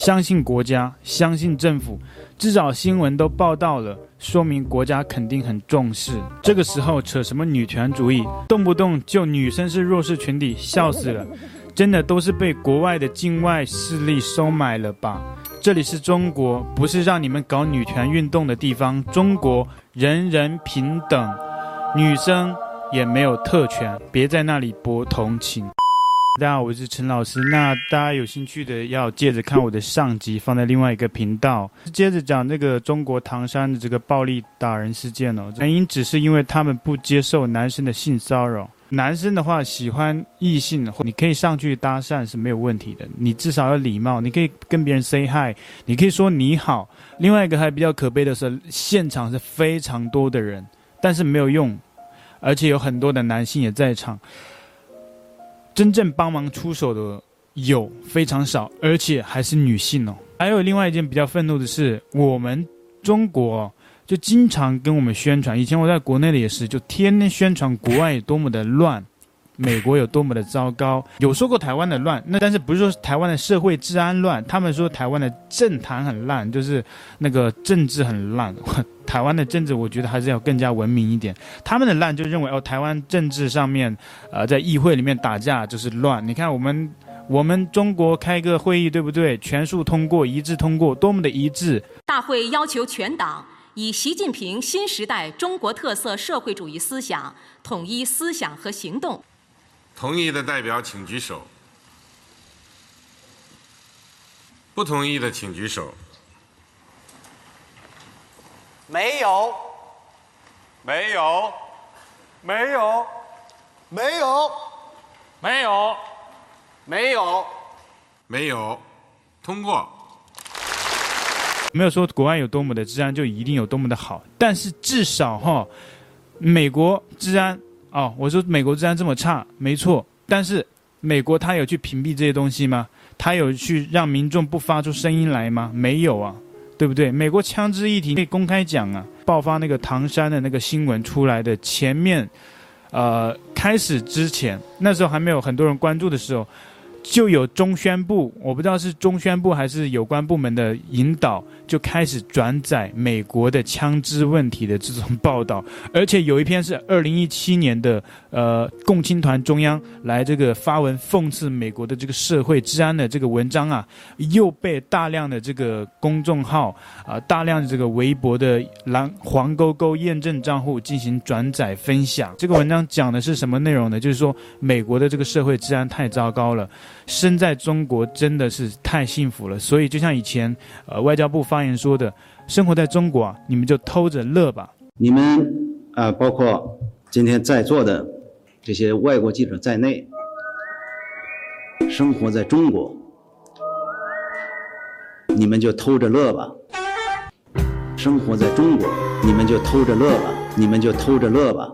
相信國家，相信政府。至少新聞都報道了，說明國家肯定很重視。這個時候扯什麼女權主義，動不動就女生是弱勢群體，笑死了！真的都是被國外的境外勢力收買了吧？這裡是中國，不是讓你們搞女權運動的地方。中國人人平等，女生也沒有特權。別在那裡博同情。大家好，我是陳老師。那大家有興趣的，要接着看我的上集，放在另外一個頻道。接着講這個中國唐山的這個暴力打人事件哦，原因只是因為他們不接受男生的性騷擾。男生的話，喜歡異性或你可以上去搭訕是沒有問題的，你至少要禮貌，你可以跟別人 say hi，你可以說你好。另外一個還比較可悲的是，現場是非常多的人，但是沒有用，而且有很多的男性也在場。真正幫忙出手的有非常少，而且還是女性哦。還有另外一件比較憤怒的是，我們中國就經常跟我們宣傳，以前我在國內的也是，就天天宣傳國外有多麼的亂。美國有多麼的糟糕？有說過台灣的亂，那但是不是說台灣的社會治安亂？他們說台灣的政壇很爛，就是那個政治很爛。台灣的政治，我覺得還是要更加文明一點。他們的爛就認為哦，台灣政治上面呃，在議會裡面打架就是亂。你看我們我們中國開個會議，對不對？全數通過，一致通過，多麼的一致！大會要求全黨以習近平新時代中國特色社會主義思想統一思想和行動。同意的代表請舉手，不同意的請舉手。沒有，沒有，沒有，沒有，沒有，沒有，沒有，通過。沒有說國外有多麼的治安就一定有多麼的好，但是至少哈、哦，美國治安。哦，我說美國治安這麼差，沒錯。但是美國他有去屏蔽這些東西嗎？他有去讓民眾不發出聲音來嗎？沒有啊，對不對？美國槍支議題可以公開講啊。爆發那個唐山的那個新聞出來的前面，呃，開始之前，那時候還沒有很多人關注的時候。就有中宣部，我不知道是中宣部還是有關部門的引導，就開始轉載美國的槍支問題的這種報道，而且有一篇是二零一七年的，呃，共青團中央來這個發文諷刺美國的這個社會治安的這個文章啊，又被大量的這個公眾號啊，呃，大量的這個微博的藍黃勾勾驗證賬戶進行轉載分享。這個文章講的是什麼內容呢？就是說美國的這個社會治安太糟糕了。生在中國真的是太幸福了，所以就像以前，呃，外交部發言說的，生活在中國啊，你們就偷着樂吧。你們啊，呃，包括今天在座的這些外國記者在內，生活在中國，你們就偷着樂吧。生活在中國，你們就偷着樂吧，你們就偷着樂吧。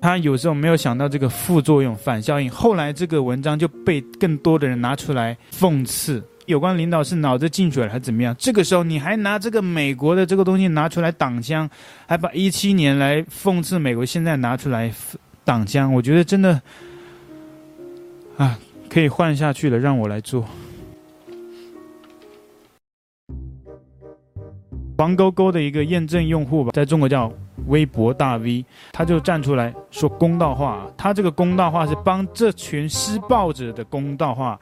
他有時候沒有想到這個副作用、反效應，後來這個文章就被更多的人拿出來諷刺。有關領導是腦子進水了還是怎麼樣？這個時候你還拿這個美國的這個東西拿出來擋槍，還把一七年來諷刺美國現在拿出來擋槍，我覺得真的，啊，可以換下去了，讓我來做。黃勾勾的一個驗證用戶吧，在中國叫。微博大 V，他就站出來說公道話，他這個公道話是幫這群施暴者的公道話。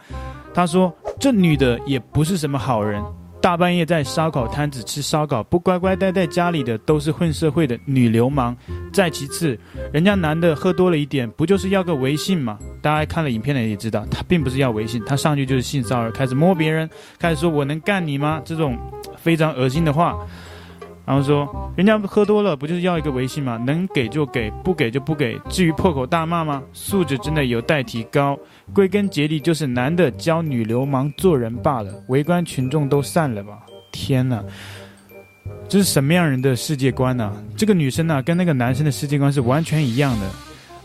他說這女的也不是什麼好人，大半夜在燒烤攤子吃燒烤，不乖乖待在家裡的都是混社會的女流氓。再其次，人家男的喝多了一點，不就是要個微信嘛？大家看了影片的也知道，他並不是要微信，他上去就是性騷擾，開始摸摸別人，開始說我能幹你嗎？這種非常惡心的話。然後說，人家喝多了，不就是要一個微信嗎？能給就給，不給就不給。至於破口大罵嗎？素質真的有待提高。歸根結底就是男的教女流氓做人罷了。圍觀群眾都散了吧！天哪，這是什麼樣人的世界觀呢？這個女生呢，跟那個男生的世界觀是完全一樣的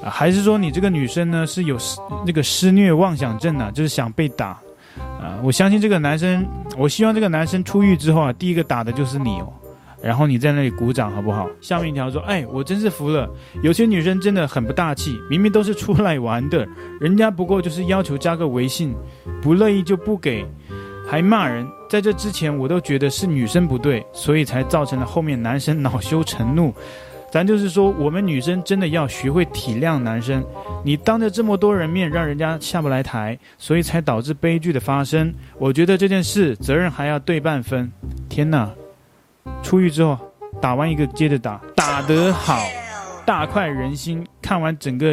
啊，還是說你這個女生呢是有那個施虐妄想症呢？就是想被打啊！我相信這個男生，我希望這個男生出獄之後啊，第一個打的就是你哦。然後你在那裡鼓掌好不好？下面一條說：“哎，我真是服了，有些女生真的很不大氣，明明都是出來玩的，人家不過就是要求加個微信，不樂意就不給，還罵人。在這之前我都覺得是女生不對，所以才造成了後面男生惱羞成怒。咱就是說，我們女生真的要學會體諒男生。你當着這麼多人面讓人家下不來台，所以才導致悲劇的發生。我覺得這件事責任還要對半分。天哪！”出獄之後，打完一個接着打，打得好，大快人心，看完整個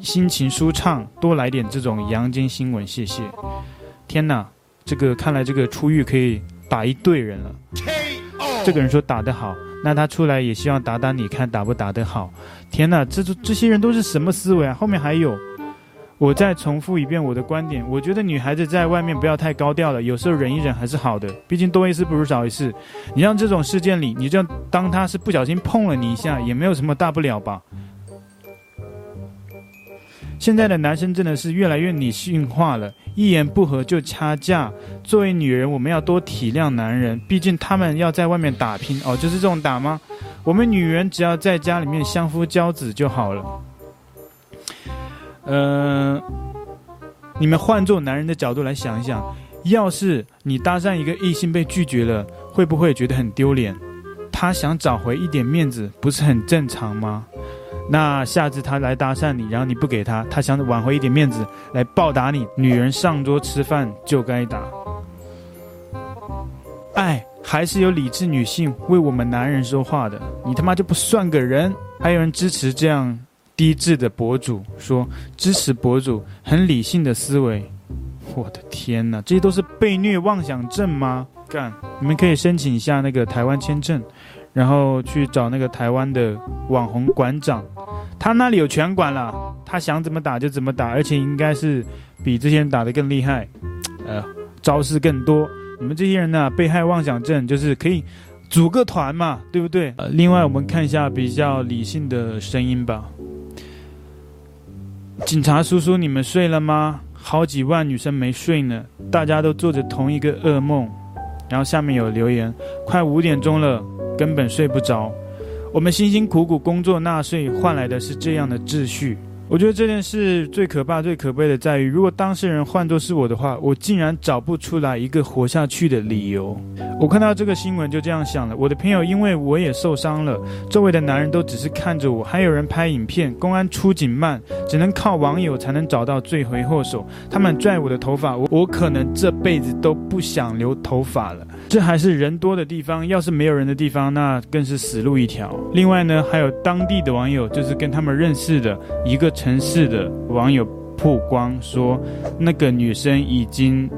心情舒暢，多來點這種陽間新聞，謝謝。天哪，這個看來這個出獄可以打一隊人了。這個人說打得好，那他出來也希望打打你看打不打得好。天哪，這這些人都是什麼思維啊？後面還有。我再重複一遍我的觀點，我覺得女孩子在外面不要太高調了，有時候忍一忍還是好的，畢竟多一事不如少一事。你像這種事件裡，你就當他是不小心碰了你一下，也沒有什麼大不了吧？現在的男生真的是越來越女性化了，一言不合就掐架。作為女人，我們要多體諒男人，畢竟他們要在外面打拼哦，就是這種打嗎？我們女人只要在家裡面相夫教子就好了。嗯、呃，你們換做男人的角度來想一想，要是你搭訕一個異性被拒絕了，會不會覺得很丟臉？他想找回一點面子，不是很正常嗎？那下次他來搭訕你，然後你不給他，他想挽回一點面子來報答你，女人上桌吃飯就該打。哎，還是有理智女性為我們男人說話的，你他媽就不算個人？還有人支持這樣？機智的博主說：“支持博主很理性的思維。”我的天哪，這些都是被虐妄想症嗎？幹，你們可以申請一下那個台灣簽證，然後去找那個台灣的網紅館長，他那裡有拳館了，他想怎麼打就怎麼打，而且應該是比之前打得更厲害，呃，招式更多。你們這些人呢，被害妄想症就是可以組個團嘛，對不對？呃，另外我們看一下比較理性的聲音吧。警察叔叔，你們睡了嗎？好幾萬女生沒睡呢，大家都做着同一個噩夢。然後下面有留言，快五點鐘了，根本睡不着。我們辛辛苦苦工作納稅，換來的是這樣的秩序。我覺得這件事最可怕、最可悲的在於，如果當事人換作是我的話，我竟然找不出來一個活下去的理由。我看到這個新聞就這樣想了，我的朋友因為我也受傷了，周圍的男人都只是看着我，還有人拍影片，公安出警慢，只能靠網友才能找到罪魁禍首。他們拽我的頭髮，我我可能這輩子都不想留頭髮了。這還是人多的地方，要是沒有人的地方，那更是死路一條。另外呢，還有當地的網友，就是跟他們認識的一個城市的網友曝光說，那個女生已經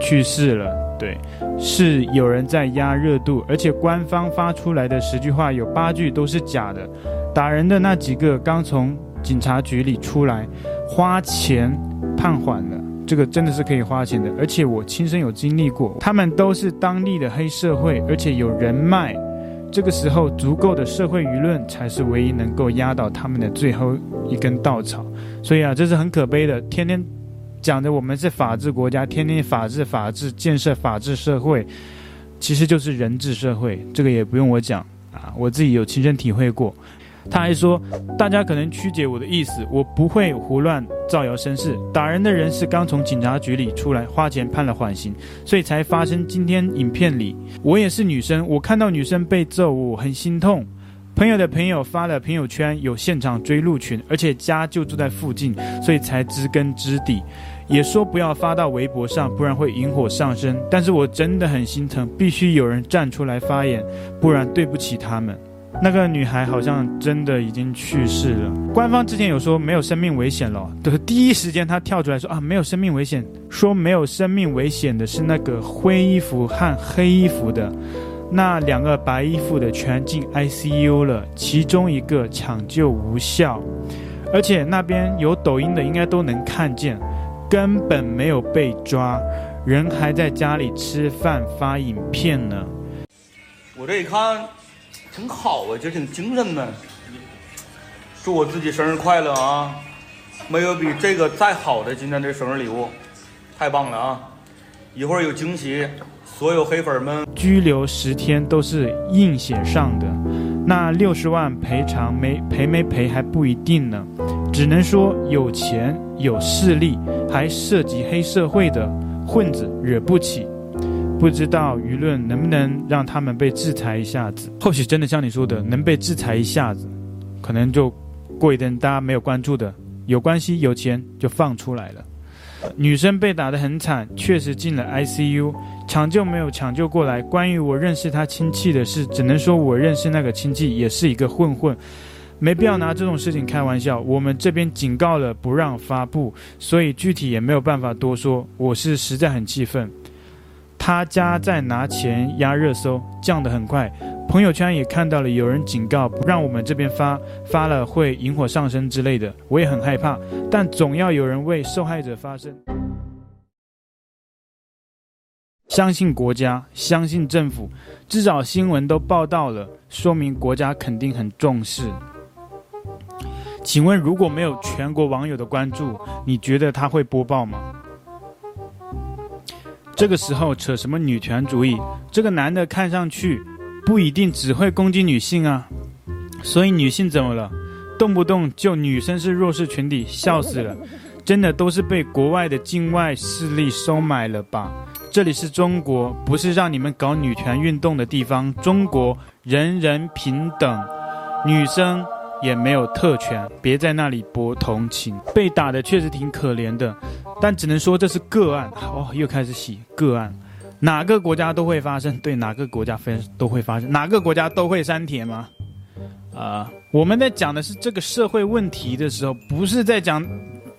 去世了。對，是有人在壓熱度，而且官方發出來的十句話有八句都是假的。打人的那幾個剛從警察局裡出來，花錢判緩了。這個真的是可以花錢的，而且我親身有經歷過，他們都是當地的黑社會，而且有人脈。這個時候，足夠的社會輿論才是唯一能夠壓倒他們的最後一根稻草。所以啊，這是很可悲的。天天講的我們是法治國家，天天法治法治建設法治社會，其實就是人治社會。這個也不用我講啊，我自己有親身體會過。他還說，大家可能曲解我的意思，我不會胡亂造謠生事。打人的人是剛從警察局裡出來，花錢判了緩刑，所以才發生今天影片裡。我也是女生，我看到女生被揍，我很心痛。朋友的朋友發了朋友圈，有現場追錄群，而且家就住在附近，所以才知根知底，也說不要發到微博上，不然會引火上身。但是我真的很心疼，必須有人站出來發言，不然對不起他們。那個女孩好像真的已經去世了。官方之前有說沒有生命危險了，但是第一時間她跳出來說啊，沒有生命危險。說沒有生命危險的是那個灰衣服和黑衣服的，那兩個白衣服的全進 ICU 了，其中一個搶救無效。而且那邊有抖音的應該都能看見，根本沒有被抓，人還在家裡吃飯發影片呢。我這一看。挺好啊，就挺精神的。祝我自己生日快樂啊！沒有比這個再好的今天這生日禮物，太棒了啊！一會兒有驚喜，所有黑粉們拘留十天都是硬寫上的，那六十萬賠償沒賠沒賠還不一定呢，只能說有錢有勢力還涉及黑社會的混子惹不起。不知道輿論能不能讓他們被制裁一下子？或許真的像你說的，能被制裁一下子，可能就過一段。大家沒有關注的，有關係有錢就放出來了。女生被打得很慘，確實進了 ICU，搶救沒有搶救過來。關於我認識她親戚的事，只能說我認識那個親戚也是一個混混，沒必要拿這種事情開玩笑。我們這邊警告了，不讓發布，所以具體也沒有辦法多說。我是實在很氣憤。他家在拿錢壓熱搜，降得很快。朋友圈也看到了，有人警告，不讓我們這邊發，發了會引火上身之類的。我也很害怕，但總要有人為受害者發聲。相信國家，相信政府，至少新聞都報道了，說明國家肯定很重視。請問，如果沒有全國網友的關注，你覺得他會播報嗎？這個時候扯什麼女權主義？這個男的看上去不一定只會攻擊女性啊，所以女性怎麼了？動不動就女生是弱勢群體，笑死了！真的都是被國外的境外勢力收買了吧？這裡是中國，不是讓你們搞女權運動的地方。中國人人平等，女生也沒有特權，別在那裡博同情。被打的確實挺可憐的。但只能說這是個案哦，又開始洗個案，哪個國家都會發生，對，哪個國家非都會發生，哪個國家都會刪帖嗎？啊、呃，我們在講的是這個社會問題的時候，不是在講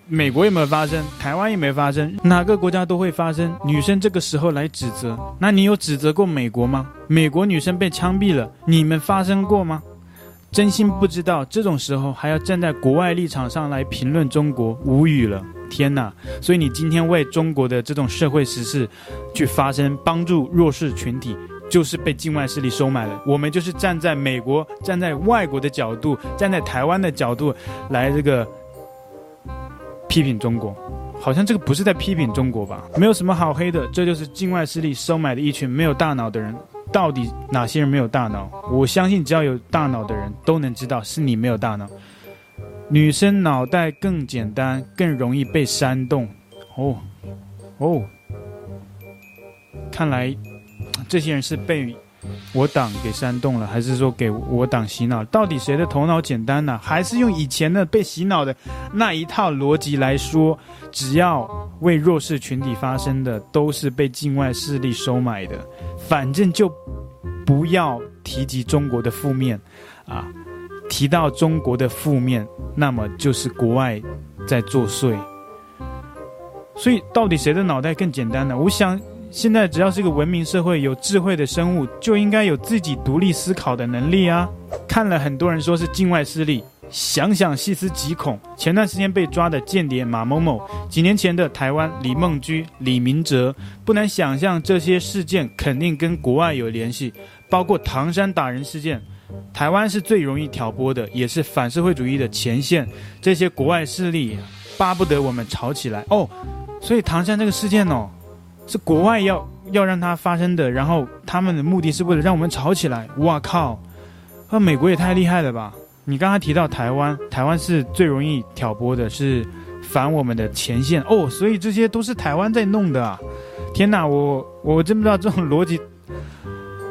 美國有沒有發生，台灣有沒有發生，哪個國家都會發生。女生這個時候來指責，那你有指責過美國嗎？美國女生被槍斃了，你們發生過嗎？真心不知道，這種時候還要站在國外立場上來評論中國，無語了。天吶！所以你今天為中國的這種社會時事去發聲，幫助弱勢群體，就是被境外勢力收買了。我們就是站在美國、站在外國的角度，站在台灣的角度來這個批評中國，好像這個不是在批評中國吧？沒有什麼好黑的，這就是境外勢力收買的一群沒有大腦的人。到底哪些人沒有大腦？我相信只要有大腦的人都能知道是你沒有大腦。女生腦袋更簡單，更容易被煽動。哦，哦，看來這些人是被我黨給煽動了，還是說給我，我黨洗腦？到底誰的頭腦簡單呢啊？還是用以前的被洗腦的那一套邏輯來說，只要為弱勢群體發聲的，都是被境外勢力收買的。反正就不要提及中國的負面啊。提到中國的負面，那麼就是國外在作祟。所以，到底誰的腦袋更簡單呢？我想，現在只要是一個文明社會、有智慧的生物，就應該有自己獨立思考的能力啊！看了很多人說是境外勢力，想想細思極恐。前段時間被抓的間諜馬某某，幾年前的台灣李孟居、李明哲，不難想象，這些事件肯定跟國外有聯繫，包括唐山打人事件。台灣是最容易挑撥的，也是反社會主義的前線。這些國外勢力巴不得我們吵起來哦，所以唐山這個事件哦，是國外要要讓它發生的，然後他們的目的是為了讓我們吵起來。哇靠，那、啊、美國也太厲害了吧！你剛才提到台灣，台灣是最容易挑撥的，是反我們的前線哦，所以這些都是台灣在弄的啊！天吶，我我真不知道這種邏輯。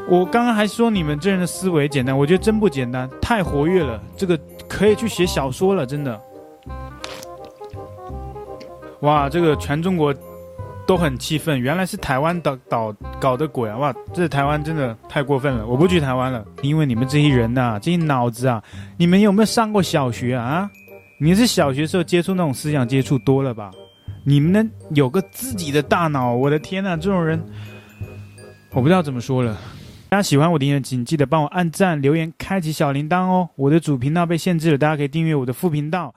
我剛剛還說你們這人的思維簡單，我覺得真不簡單，太活躍了。這個可以去寫小說了，真的。哇，這個全中國都很氣憤，原來是台灣島島搞的鬼啊！哇，這台灣真的太過分了，我不去台灣了，因為你們這些人吶、啊，這些腦子啊，你們有沒有上過小學啊？你是小學時候接觸那種思想接觸多了吧？你們能有個自己的大腦？我的天哪，這種人，我不知道怎麼說了。大家喜歡我的音樂，請記得幫我按讚、留言、開啟小鈴鐺哦！我的主頻道被限制了，大家可以訂閱我的副頻道。